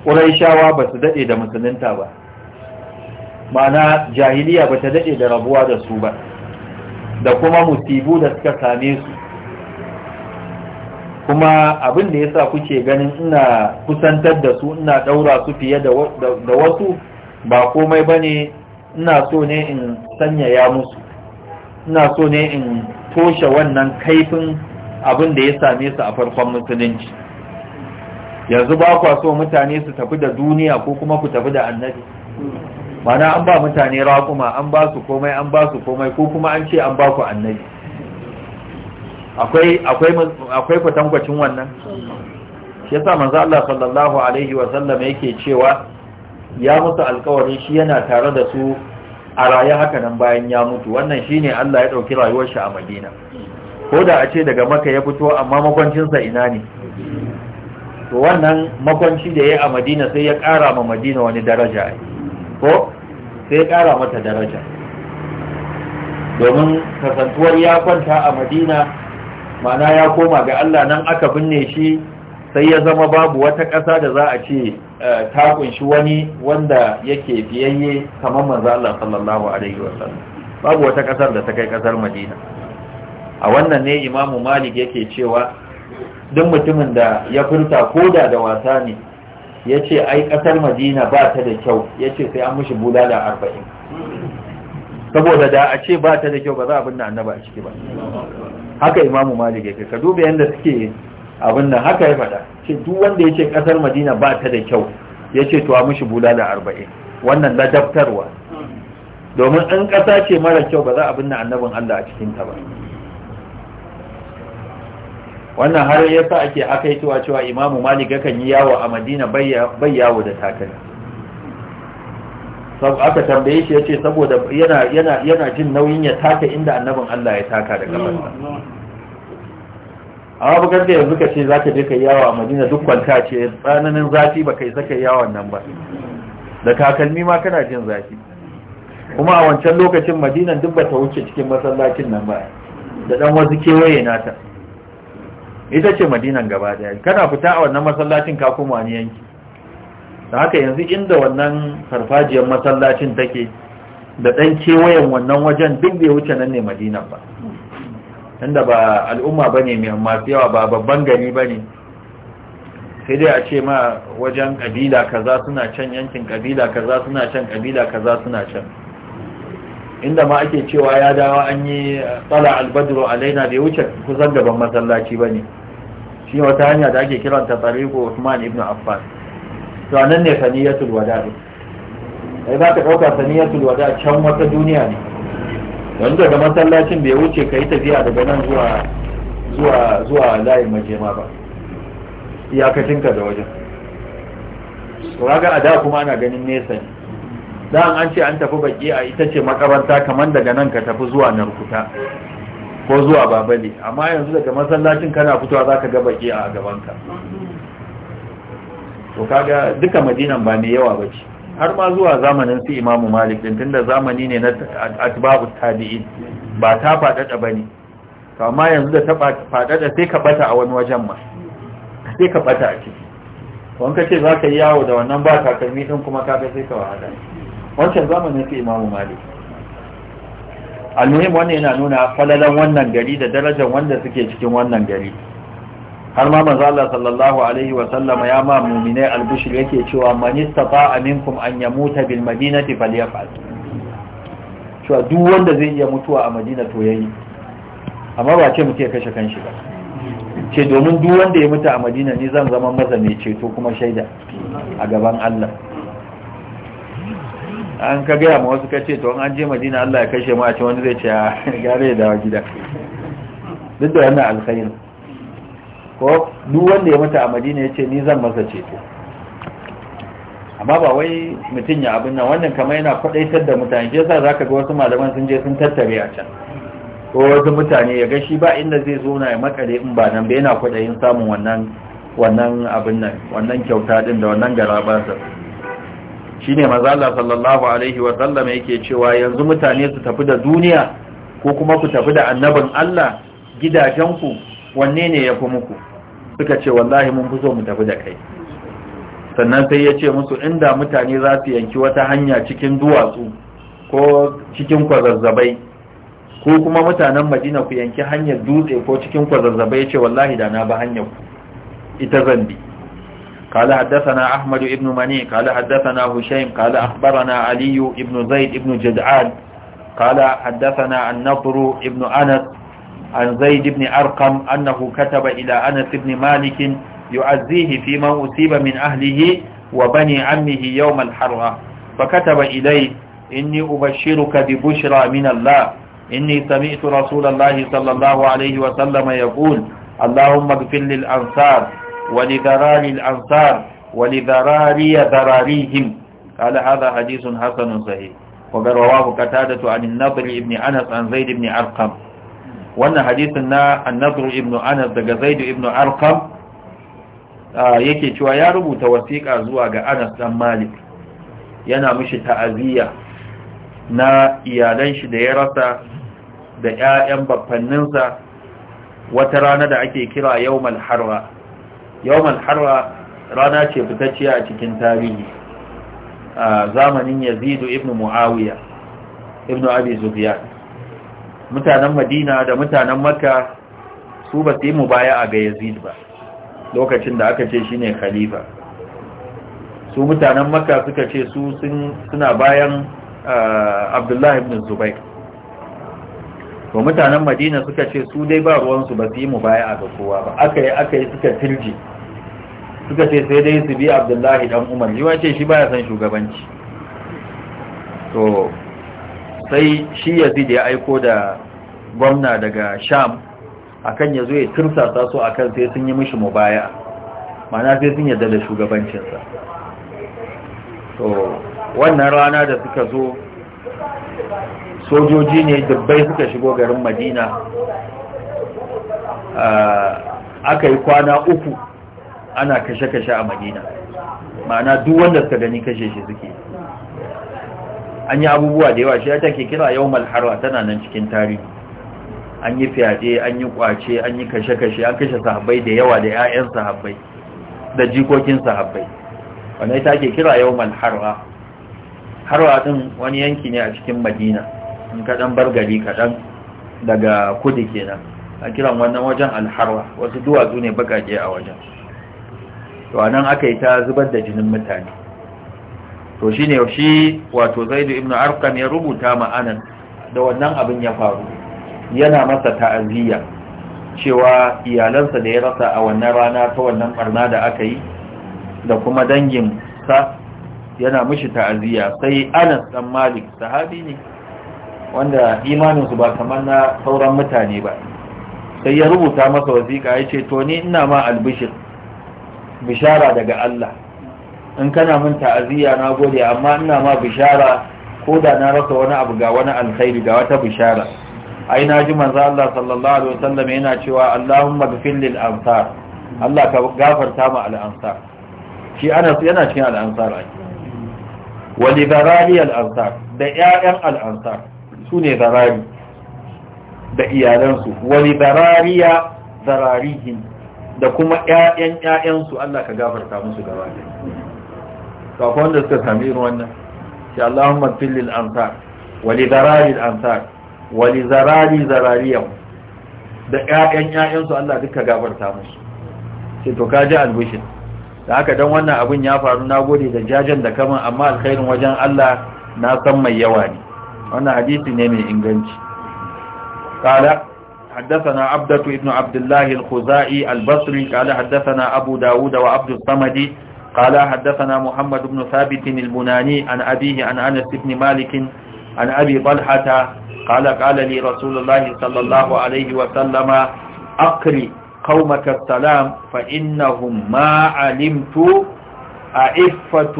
ƙuraishawa ba su daɗe da musulunta ba ma'ana jahiliya ba ta daɗe da rabuwa da su ba da kuma musibu da suka same su kuma abin da ya sa kuke ganin ina kusantar da su ina ɗaura su fiye da wasu ba komai ba ne ina so ne in sanyaya musu ina so ne in toshe wannan kaifin abin da ya same su a farkon musulunci yanzu ba kwa so mutane su tafi da duniya ko kuma ku tafi da annabi mana an ba mutane raƙuma an ba su komai an ba su komai ko kuma an ce an ba ku annabi akwai kwatankwacin wannan shi yasa manzo Allah sallallahu alaihi wa sallam yake cewa ya musu alkawari shi yana tare da su a raye haka nan bayan ya mutu wannan shi ne Allah ya ɗauki rayuwar shi a Madina ko da a ce daga maka ya fito amma makwancinsa ina ne to wannan makwanci da ya a Madina sai ya ƙara ma Madina wani daraja ko sai ya ƙara mata daraja domin kasantuwar ya kwanta a Madina ma'ana ya koma ga Allah nan aka binne shi sai ya zama babu wata ƙasa da za a ce eh, ta kunshi wani wanda yake biyayye kamar manzo Allah sallallahu alaihi wasallam babu wata ƙasar da ta kai ƙasar Madina a wannan ne Imam Malik yake cewa duk mutumin da ya furta koda da wasa ne yace ai ƙasar Madina ba ta da kyau yace sai an mishi bulala 40 saboda da a ce ba ta da kyau ba za a binne annaba a ciki ba haka Imam Malik yake ka duba yanda suke abin nan haka ya faɗa ce duk wanda ya ce ƙasar madina ba ta da kyau ya ce tuwa mishi bulala arba'in wannan ladabtarwa domin in ƙasa ce mara kyau ba za a binne annabin allah a cikinta ba wannan har ya sa ake tuwa cewa imamu malik kan yi yawo a madina bai yawo da takalmi aka tambaye shi ya ce saboda yana jin nauyin ya taka inda annabin allah ya taka da kafarsa A bugar da yanzu ka ce za ka je ka yawo a madina duk kwanta ce tsananin zafi ba kai saka yawon nan ba da takalmi ma kana jin zafi kuma a wancan lokacin madina duk ba ta wuce cikin masallacin nan ba da dan wasu kewaye nata ita ce madinan gaba daya kana fita a wannan masallacin ka kuma wani yanki da haka yanzu inda wannan farfajiyar masallacin take da dan kewayen wannan wajen duk bai wuce nan ne madinan ba inda ba al'umma ba ne masu yawa ba babban gari ba ne sai dai a ce ma wajen ƙabila kaza suna can yankin ƙabila kaza suna can ƙabila kaza suna can inda ma ake cewa ya dawo an yi tsala albadro alaina bai wuce kusan gaban masallaci ba ne shi wata hanya da ake kiranta tsariko usman ibn affan to a nan ne saniyatul wada'i ai ba ka ɗauka saniyatul wada can wata duniya ne yanzu daga masallacin bai wuce ka yi tafiya daga nan zuwa zuwa zuwa layin majema ba iyakacinka da wajen raga a da kuma ana ganin nesa ne Dan an ce an tafi baki a ita ce makaranta kamar daga nan ka tafi zuwa narkuta ko zuwa babali amma yanzu daga masallacin kana fitowa za ka ga baki a gabanka to kaga duka madinan ba mai yawa ba ce har ma zuwa zamanin su imamu malik din tunda zamani ne na atba'u tabi'in ba ta fadada bane to amma yanzu da ta fadada sai ka bata a wani wajen ma sai ka bata a ciki to ka ce za ka yi yawo da wannan ba takalmi din kuma ka sai ka wahala wancan zamanin su imamu malik almuhim wannan yana nuna falalan wannan gari da darajar wanda suke cikin wannan gari har ma manzo Allah sallallahu alaihi wa sallama ya ma mu'minai albushir yake cewa man istata'a minkum an yamuta bil madinati falyaf'al cewa duk wanda zai iya mutuwa a Madina to yayi amma ba ce muke kashe kanshi ba ce domin duk wanda ya mutu a Madina ni zan zama masa mai ceto kuma shaida a gaban Allah an ka gaya ma wasu kace to an je Madina Allah ya kashe mu a ce wani zai ce ah, gare da gida duk da wannan alƙalin. ko duk wanda ya mutu a madina ya ce ni zan masa ceto amma ba wai mutum ya abin nan wannan kama yana kwadaitar da mutane shi yasa ka ga wasu malaman sun je sun tattare a can ko wasu mutane ya ga shi ba inda zai zo na ya makare in ba nan ba yana kwadayin samun wannan wannan abin nan wannan kyauta din da wannan garabansa ne maza Allah sallallahu alaihi wa sallam yake cewa yanzu mutane su tafi da duniya ko kuma ku tafi da annabin Allah gidajenku wanne ne ya fi muku suka ce wallahi mun fi so mu tafi da kai sannan sai ya ce musu inda mutane za su yanki wata hanya cikin duwatsu ko cikin kwazazzabai ko kuma mutanen madina ku yanki hanyar dutse ko cikin kwazazzabai ya ce wallahi da na ba hanyar ku ita zambi قال حدثنا أحمد بن مني قال حدثنا هشيم قال أخبرنا علي بن زيد بن جدعان قال حدثنا النضر بن أنس عن زيد بن أرقم أنه كتب إلى أنس بن مالك يعزيه في من أصيب من أهله وبني عمه يوم الحرة فكتب إليه إني أبشرك ببشرى من الله إني سمعت رسول الله صلى الله عليه وسلم يقول اللهم اغفر للأنصار ولذرار الأنصار ولذراري ذراريهم قال هذا حديث حسن صحيح وقد رواه قتادة عن النضر بن أنس عن زيد بن أرقم wannan hadisin na annabru ibn anas daga zaidu ibn Arkam yake cewa ya rubuta wasiƙa zuwa ga anas dan malik yana mishi ta'aziyya na iyalan shi da ya rasa da ƴaƴan baffanninsa wata rana da ake kira yawmal harra yawmal harra rana ce fitacciya a cikin tarihi a zamanin yazidu ibn muawiya ibn abi mutanen madina da mutanen makka su ba su yi mubaya'a ga yazid ba lokacin da aka ce shine khalifa su mutanen makka suka ce su suna bayan ah, abdullahi ibn zubair to mutanen madina suka ce su dai ba ruwansu ba su yi mubaya'a ga kowa ba aka yi aka yi suka tirji suka ce sai dai su bi abdullahi dan umar yi wace shi baya san shugabanci to sai shi yazid ya aiko da gwamna daga sham akan ya zo ya tursasa su akan sai sun yi mishi mubaya mana sai sun yadda da shugabancinsa to wannan rana da suka zo sojoji ne dubbai suka shigo garin madina aka yi kwana uku ana kashe-kashe a madina ma'ana duk wanda suka gani kashe shi suke an yi abubuwa da yawa shi ya ke kira yau harwa tana nan cikin tarihi an yi fyaɗe an yi kwace an yi kashe-kashe an kashe sahabbai da yawa da 'ya'yan sahabbai da jikokin sahabbai wanda ke kira yau harwa harwa ɗin wani yanki ne a cikin madina in kaɗan bar gari kaɗan daga kudu kenan a kiran wannan wajen alharwa wasu duwatsu ne bakaje a wajen to anan aka yi ta zubar da jinin mutane to shine shi wato Zaidu ibn Arqam ya rubuta ma'ana da wannan abin ya faru yana masa ta'aziyya cewa iyalansa da ya rasa a wannan rana ta wannan barna da aka yi da kuma dangin sa yana mishi ta'aziyya sai Anas dan Malik sahabi ne wanda imaninsu ba kamar na sauran mutane ba sai ya rubuta masa wasiƙa ya ce to ni ina ma albishir bishara daga Allah in kana min ta'aziyya na gode amma ina ma bishara ko da na rasa wani abu ga wani alkhairi ga wata bishara ai na ji manzo Allah sallallahu alaihi wasallam yana cewa Allahumma ghfir lil ansar Allah ka gafarta ma al ansar shi ana yana cikin al ansar ai wa li zarari al ansar da ƴaƴan al ansar ne zarari da iyalansu wa li zarariya zararihim da kuma ƴaƴan ƴaƴansu Allah ka gafarta musu gaba ɗaya to akwai wanda suka sami irin wannan shi Allahumma fil amsar wa li darari al amsar wa li zarari zarariyam da ƴaƴan ƴaƴan su Allah duka gafarta musu sai to kaji albishin da haka dan wannan abun ya faru nagode da jajen da kaman amma alkhairin wajen Allah na san mai yawa ne wannan hadisi ne mai inganci قال حدثنا عبدة ابن عبد الله الخزائي البصري قال حدثنا أبو داود وعبد الصمدي قال حدثنا محمد بن ثابت البناني عن أبيه عن أنس بن مالك عن أبي طلحة قال قال لي رسول الله صلى الله عليه وسلم أقري قومك السلام فإنهم ما علمت أئفة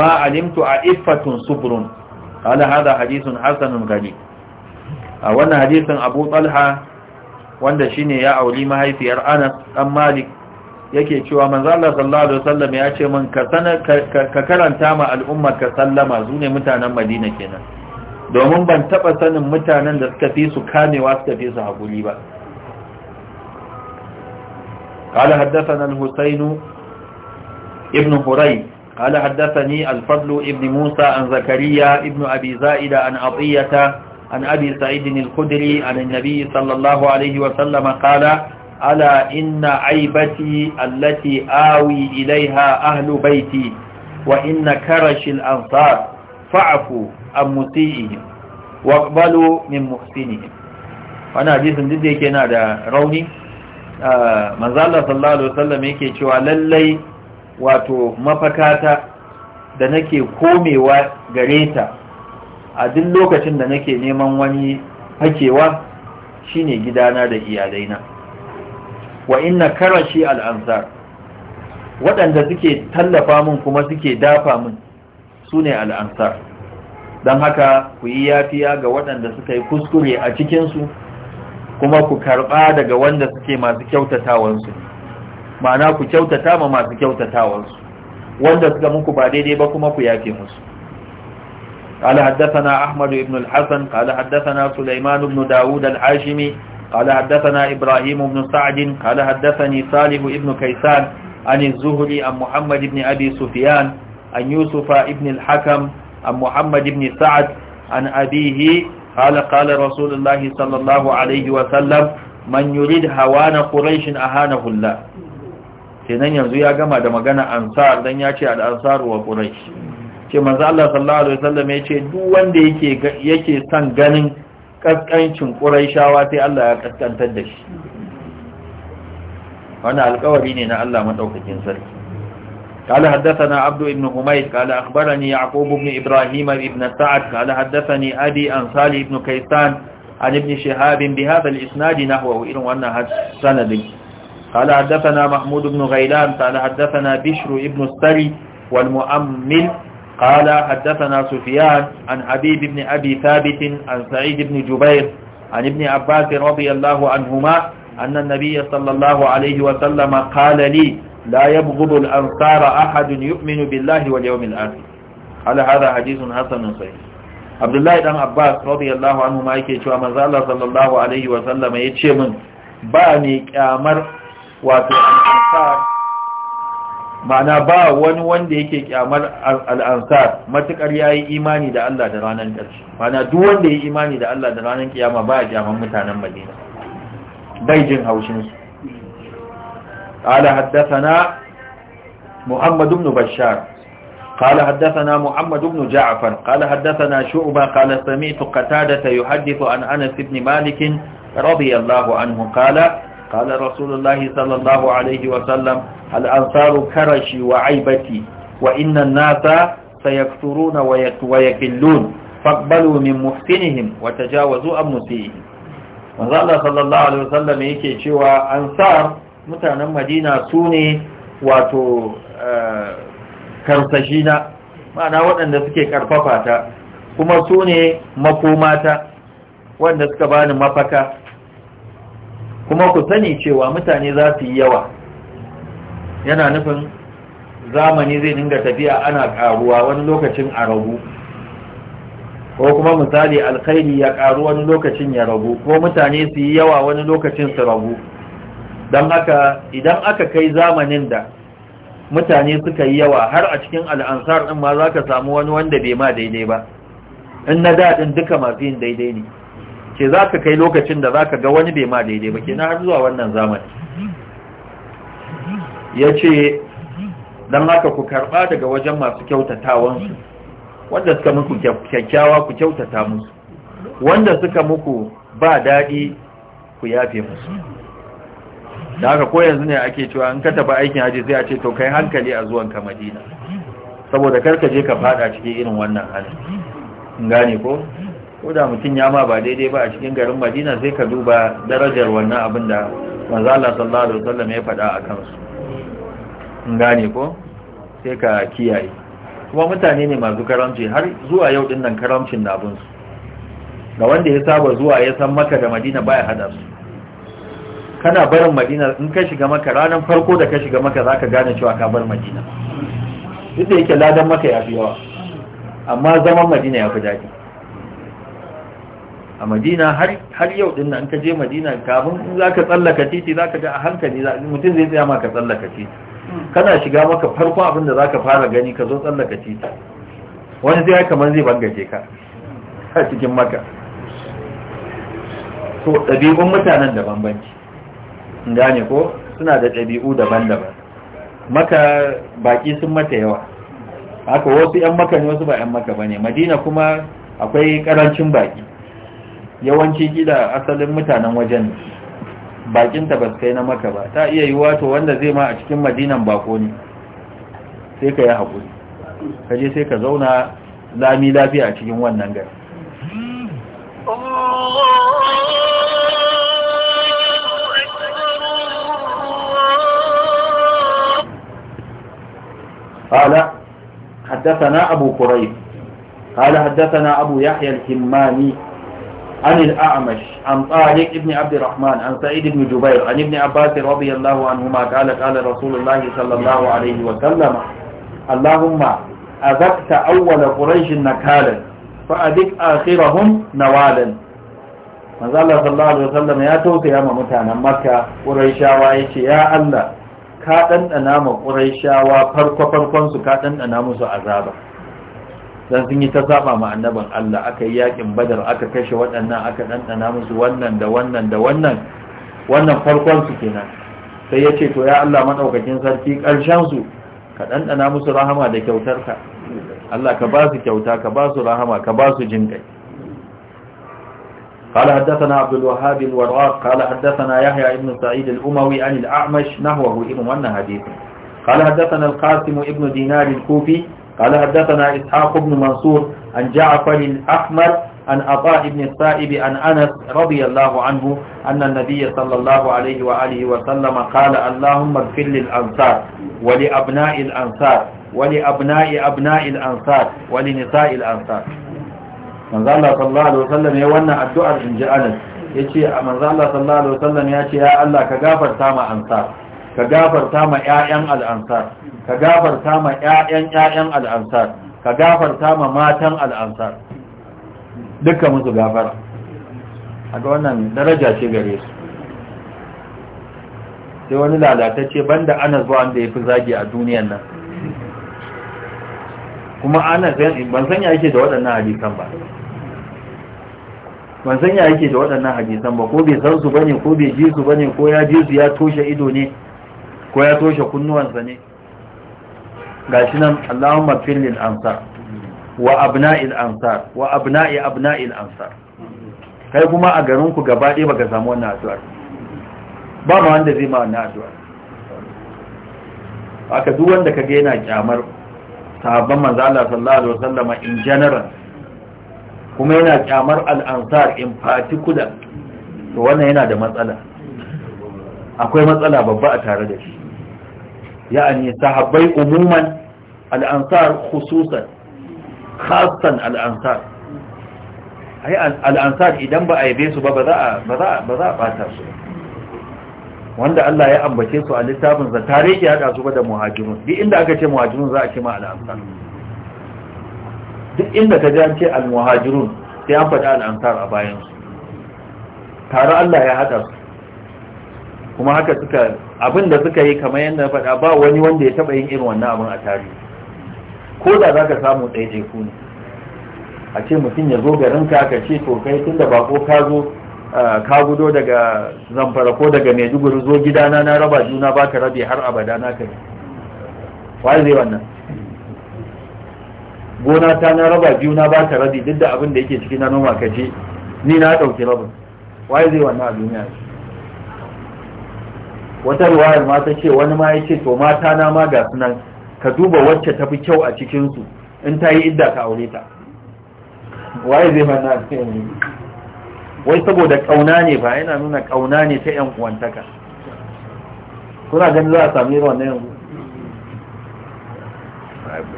ما علمت أئفة صبر قال هذا حديث حسن غريب wannan hadisin abu talha wanda shine ya auli mahaifiyar anas dan malik yake cewa manzala sallallahu alaihi wasallam ya ce man ka karanta ma al'umma ka sallama zune mutanen Madina kenan domin ban taba sanin mutanen da suka fi su kamewa suka fi su haguli ba qala haddathana al-husayn ibn hurai qala haddathani ni fadl ibn musa an zakariya ibn abi za'ida an atiyata an abi sa'id al-khudri an an sallallahu alaihi wasallam qala ألا إن aibati التي awi ilaiha ahlu baiti وإن كرش الأنصار فعفوا عن مسيئهم واقبلوا من محسنهم وانا حديث ضد yake da rauni manzo sallallahu alaihi wasallam yake cewa lallai wato mafakata da nake komewa gare ta a duk lokacin da nake neman wani fakewa shine gidana da iyalaina wa inna karashi al'ansar waɗanda suke tallafa mun kuma suke dafa min su ne al'ansar don haka ku yi yafiya ga waɗanda suka yi kuskure a cikinsu kuma ku karɓa daga wanda suke masu kyautatawansu ma'ana ku kyautata ma masu kyautatawansu wanda suka muku ba daidai ba kuma ku yafe musu قال حدثنا أحمد بن الحسن قال حدثنا سليمان بن داود الحاشمي قال حدثنا إبراهيم بن سعد قال حدثني صالح بن كيسان عن الزهري عن محمد بن أبي سفيان عن يوسف بن الحكم عن محمد بن سعد عن أبيه قال قال رسول الله صلى الله عليه وسلم من يريد هوان قريش أهانه الله kenan yanzu ya gama da magana ansar dan ya ce al wa quraish ce manzo Allah sallallahu alaihi wasallam ya ce duk wanda yake yake san ganin ƙasƙancin ƙuraishawa sai Allah ya ƙasƙantar da shi wani alƙawari ne na Allah maɗaukakin sarki قال حدثنا عبد بن حميد قال أخبرني يعقوب بن إبراهيم بن سعد قال حدثني أبي أنصالي بن كيسان عن ابن شهاب بهذا الإسناد نحوه إن وأنها سند قال حدثنا محمود بن غيلان قال حدثنا بشر بن السري والمؤمن قال حدثنا سفيان عن حبيب بن أبي ثابت عن سعيد بن جبير عن ابن عباس رضي الله عنهما أن النبي صلى الله عليه وسلم قال لي لا يبغض الأنصار أحد يؤمن بالله واليوم الآخر قال هذا حديث حسن صحيح عبد الله بن عباس رضي الله عنهما yake cewa manzo Allah sallallahu alaihi wa sallama yace min ba ni kyamar wato ansar ma'ana ba wani wanda yake kyamar al’ansar matuƙar ya yi imani da Allah da ranar ƙarshe ma'ana duk ya yi imani da Allah da ranar ƙiyama ba a kyaman mutanen madina bai jin haushinsu ƙala haddasana muhammadu ibn bashar ƙala haddasana muhammadu ibn ja'afar ƙala haddasana tuƙata da ta yi an anas ibn malikin radiyallahu anhu ƙala قال رسول الله صلى الله عليه وسلم الأنصار كرشي وعيبتي وإن الناس سيكثرون ويكلون فاقبلوا من محسنهم وتجاوزوا عن مسيئهم manzo Allah sallallahu alaihi wasallam yake cewa ansar mutanen Madina sune ne wato karsashina ma'ana waɗanda suke karfafa ta kuma sune ne makomata wanda suka bani mafaka kuma ku sani cewa mutane za su yi yawa yana nufin zamani zai dinga tafiya ana karuwa wani lokacin a ragu ko kuma misali alkhairi ya karu wani lokacin ya ragu ko mutane su yi yawa wani lokacin su ragu don haka idan aka kai zamanin da mutane suka yi yawa har a cikin al'ansar ɗin ma za ka samu wani wanda bai ma daidai ba in na daɗin duka masu yin daidai ne ce za ka kai lokacin da za ka ga wani bai ma daidai ba ke na har zuwa wannan zamani ya ce don haka ku karɓa daga wajen masu kyautatawansu wanda suka muku kyakkyawa ku kyautata musu wanda suka muku ba daɗi ku yafe musu da haka ko yanzu ne ake cewa in ka taɓa aikin haji sai a ce to kai hankali a zuwanka madina saboda kar ka je ka fada cikin irin wannan hali gane ko ko da mutum ya ma ba daidai ba a cikin garin madina sai ka duba darajar wannan abin da manzala sallallahu alaihi wasallam ya faɗa a kansu in gane ko sai ka kiyaye kuma mutane ne masu karamci har zuwa yau din nan karamcin na su ga wanda ya saba zuwa ya san maka da madina baya hada su kana barin madina in ka shiga maka ranar farko da ka shiga maka za ka gane cewa ka bar madina duk da yake ladan maka ya fi yawa amma zaman madina ya fi daɗi a madina har yau din nan ka je madina kafin in za ka tsallaka titi za ka ga a hankali mutum zai tsaya maka tsallaka titi hmm. kana shiga maka farko abin da za ka fara gani ka zo tsallaka titi wani zai kamar zai bangaje ka a cikin maka to ɗabi'un mutanen da bambanci gane ko suna da ɗabi'u daban-daban maka baƙi sun mata yawa haka wasu 'yan maka ne wasu ba 'yan maka ba ne madina kuma akwai ƙarancin baƙi yawanci gida asalin mutanen wajen bakinta ba su kai na maka ba ta iya yi wato wanda zai ma a cikin madinan bako ne sai ka yi haƙuri ka je sai ka zauna lami lafiya a cikin wannan gari قال حدثنا أبو قريب قال حدثنا أبو يحيى الهماني عن الأعمش عن طارق بن عبد الرحمن عن سعيد بن جبير عن ابن عباس رضي الله عنهما قال قال رسول الله صلى الله عليه وسلم اللهم أذقت أول قريش نكالا فأذق آخرهم نوالا manzo Allah sallallahu alaihi wasallam ya tausaya ma mutanen Makka ya ce ya Allah ka dandana ma Qurayshawa farko farkonsu ka dandana musu azaba dan sun yi ta saba ma annabin Allah aka yi yakin badar aka kashe waɗannan aka ɗanɗana musu wannan da wannan da wannan wannan farkon su kenan sai ya ce to ya Allah maɗaukakin sarki ƙarshen su ka ɗanɗana musu rahama da kyautar ka Allah ka ba su kyauta ka ba su rahama ka ba su jin kai قال حدثنا عبد الوهاب الوراق قال حدثنا يحيى بن سعيد الأموي عن الأعمش نحوه ابن ون حديث قال حدثنا القاسم ابن دينار الكوفي قال حدثنا إسحاق بن منصور عن جعفر الأحمر عن عطاء بن السائب عن أنس رضي الله عنه أن النبي صلى الله عليه وآله وسلم قال اللهم اغفر للأنصار ولأبناء الأنصار ولأبناء أبناء الأنصار ولنساء الأنصار من ذا الله صلى الله عليه وسلم يوانا الدعاء إن جاء أنس يتي من ذا الله صلى الله عليه وسلم يتي يا الله كغافر سامع أنصار ka gafarta ma ƴaƴan al'ansar ka gafarta ma ƴaƴan ƴaƴan al'ansar ka gafarta ma matan al'ansar dukkan musu gafara a ga wannan daraja ce gare su sai wani lalatacce banda anas ba wanda ya fi zagi a duniyan nan kuma anas ban sanya yake da waɗannan hadisan ba ban sanya yake da waɗannan hadisan ba ko bai san su bane ko bai ji su bane ko ya ji su ya toshe ido ne ko ya toshe kunnuwansa ne Ga shi nan Allahumma fil ansar wa abna'il ansar wa abna'i abna'il ansar kai kuma a garin ku gaba ɗaya baka samu wannan addu'ar ba ma wanda zai ma wannan addu'ar aka duk wanda kage yana kyamar sahabban manzo Allah sallallahu alaihi wasallam in general kuma yana kyamar al-ansar in particular to wannan yana da matsala akwai matsala babba a tare da shi ya'ani sahabbai umuman al'ansar khususan khassan al'ansar ai al'ansar idan ba a yabe su ba ba za a ba za bata su wanda Allah ya ambace su a littafin sa tarihi ya hada su da muhajirun duk inda aka ce muhajirun za a ce ma al'ansar duk inda ka ji sai an faɗi al'ansar a bayan su tare Allah ya hada su kuma haka suka abin da suka yi kamar yadda faɗa ba wani wanda ya taɓa yin irin wannan abin a tarihi ko da za ka samu ɗaiɗaiku ne a ce mutum ya zo garin ka ka ce to kai tun da bako ka zo ka gudo daga zamfara ko daga maiduguri zo gidana na raba juna ba ka rabe har abada na ka ne waye zai wannan gona ta na raba juna ba ka rabe duk da abin da yake ciki na noma ka je ni na ɗauki rabin waye zai wannan a duniya wata ruwayar ma ta ce wani ma ya ce to mata na ma ga sunan ka duba wacce ta fi kyau a cikinsu in ta yi idda ka aure ta waye zai mana wai saboda kauna ne ba yana nuna kauna ne ta yan uwantaka kuna ganin za a sami ruwan wannan yanzu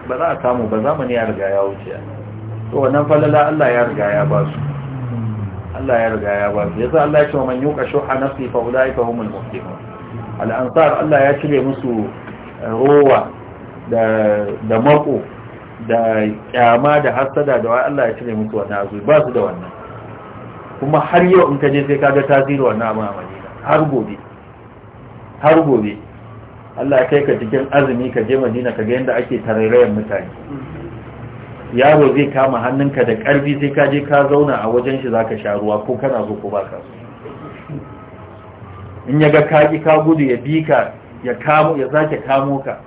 ba za a samu ba zamani ya riga ya wuce to wannan falala Allah ya riga ya ba su Allah ya riga ya ba su yasa Allah ya ce wa man yuqa shuha nafsi fa ulaika humul muflihun al'ansar Allah ya cire musu eh, rowa da mako da kyama da hasada da Allah ya cire musu wannan azu ba su da wannan kuma har yau in ka je sai kaga tasiri wannan abin a Madina har gobe har gobe Allah ya kai ka cikin azumi ka je Madina ka ga yadda ake tarairayen mutane yaro zai kama hannunka da ƙarfi sai ka je ka zauna a wajen shi zaka sha ruwa ko kana zo ko baka so in ya ga ka ka gudu ya bi ka ya kamo ya sake kamo ka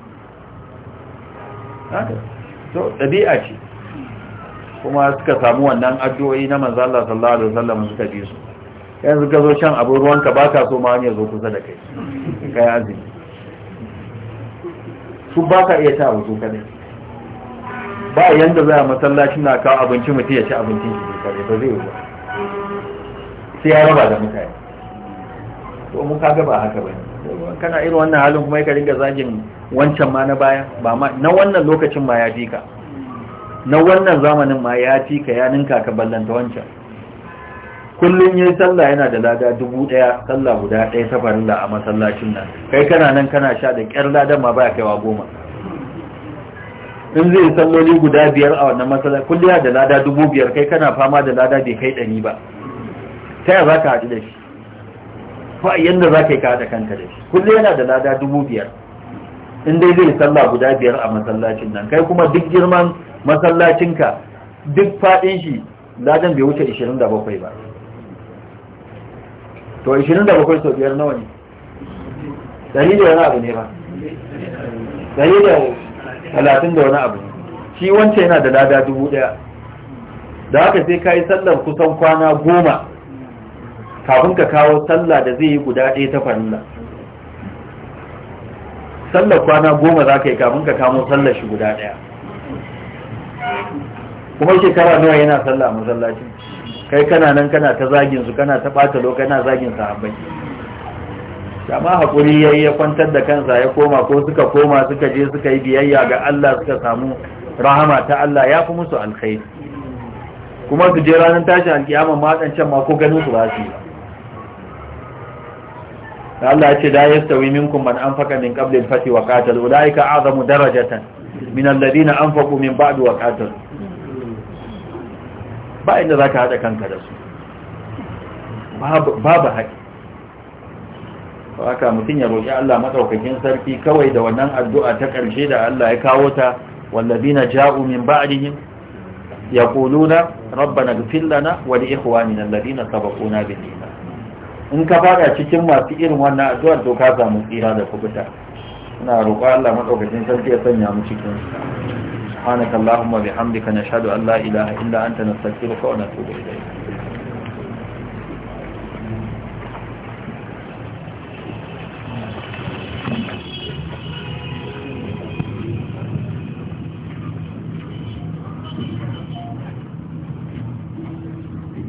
so ɗabi'a ce kuma suka samu wannan addu'o'i na manzo Allah sallallahu alaihi wasallam suka bi su yanzu ka zo shan abin ruwanka baka so ma wani ya zo kusa da kai kai azumi su baka iya ta abu kadai ba yanda za a masallaci na kawo abinci mutum ya ci abincin shi kadai ba zai yi ba sai ya raba da mutane to mun kaga ba haka ba kana irin wannan halin kuma ka ringa zagin wancan ma na baya ba ma na wannan lokacin ma ya fika na wannan zamanin ma ya fika ya ninka ka ballanta wancan kullun yayin sallah yana da lada dubu daya sallah guda daya safarin da a masallacin nan kai kana nan kana sha da kyar ladan ma baya kaiwa goma in zai salloli guda biyar a wannan masallaci kulliya da lada dubu biyar kai kana fama da lada bai kai ɗari ba ta yaya za ka haɗu da shi ba yanda za ka yi kada kanka da shi kullum yana da lada dubu biyar in dai zai sallah guda biyar a masallacin nan kai kuma duk girman masallacinka duk faɗin shi ladan bai wuce 27 ba to 27 sau biyar nawa ne dari da wani abu ne ba dari da talatin da wani abu shi wancan yana da lada dubu ɗaya da haka sai ka yi sallar kusan kwana goma kafin ka kawo sallah da zai yi guda ɗaya ta farilla sallar kwana goma za ka yi kafin ka kamo sallar shi guda ɗaya kuma shekara nawa yana sallah masallaci kai kana nan kana ta zagin su kana ta ɓata lo kana zagin sa sahabbai amma haƙuri ya yi ya kwantar da kansa ya koma ko suka koma suka je suka yi biyayya ga Allah suka samu rahama ta Allah ya fi musu alkhairi kuma su je ranar tashin alkiyama ma ma ko ganin su ba su yi da Allah ya ce da yastawi minkum man anfaqa min qabli al-fath wa qatal ulaika a'zamu darajatan min alladhina anfaqu min ba'd wa qatal ba inda zaka hada kanka da su babu babu haƙi haka mutum ya roƙi Allah madaukakin sarki kawai da wannan addu'a ta ƙarshe da Allah ya kawo ta walladhina ja'u min ba'dihim yaquluna rabbana ighfir lana wa li ikhwanina alladhina sabaquna bil iman in ka fada cikin masu irin wannan addu'ar to ka samu tsira da kubuta ina roƙo Allah madaukakin sarki ya sanya mu cikin allahumma bihamdika nashhadu an la ilaha illa anta nastaghfiruka wa natubu ilayk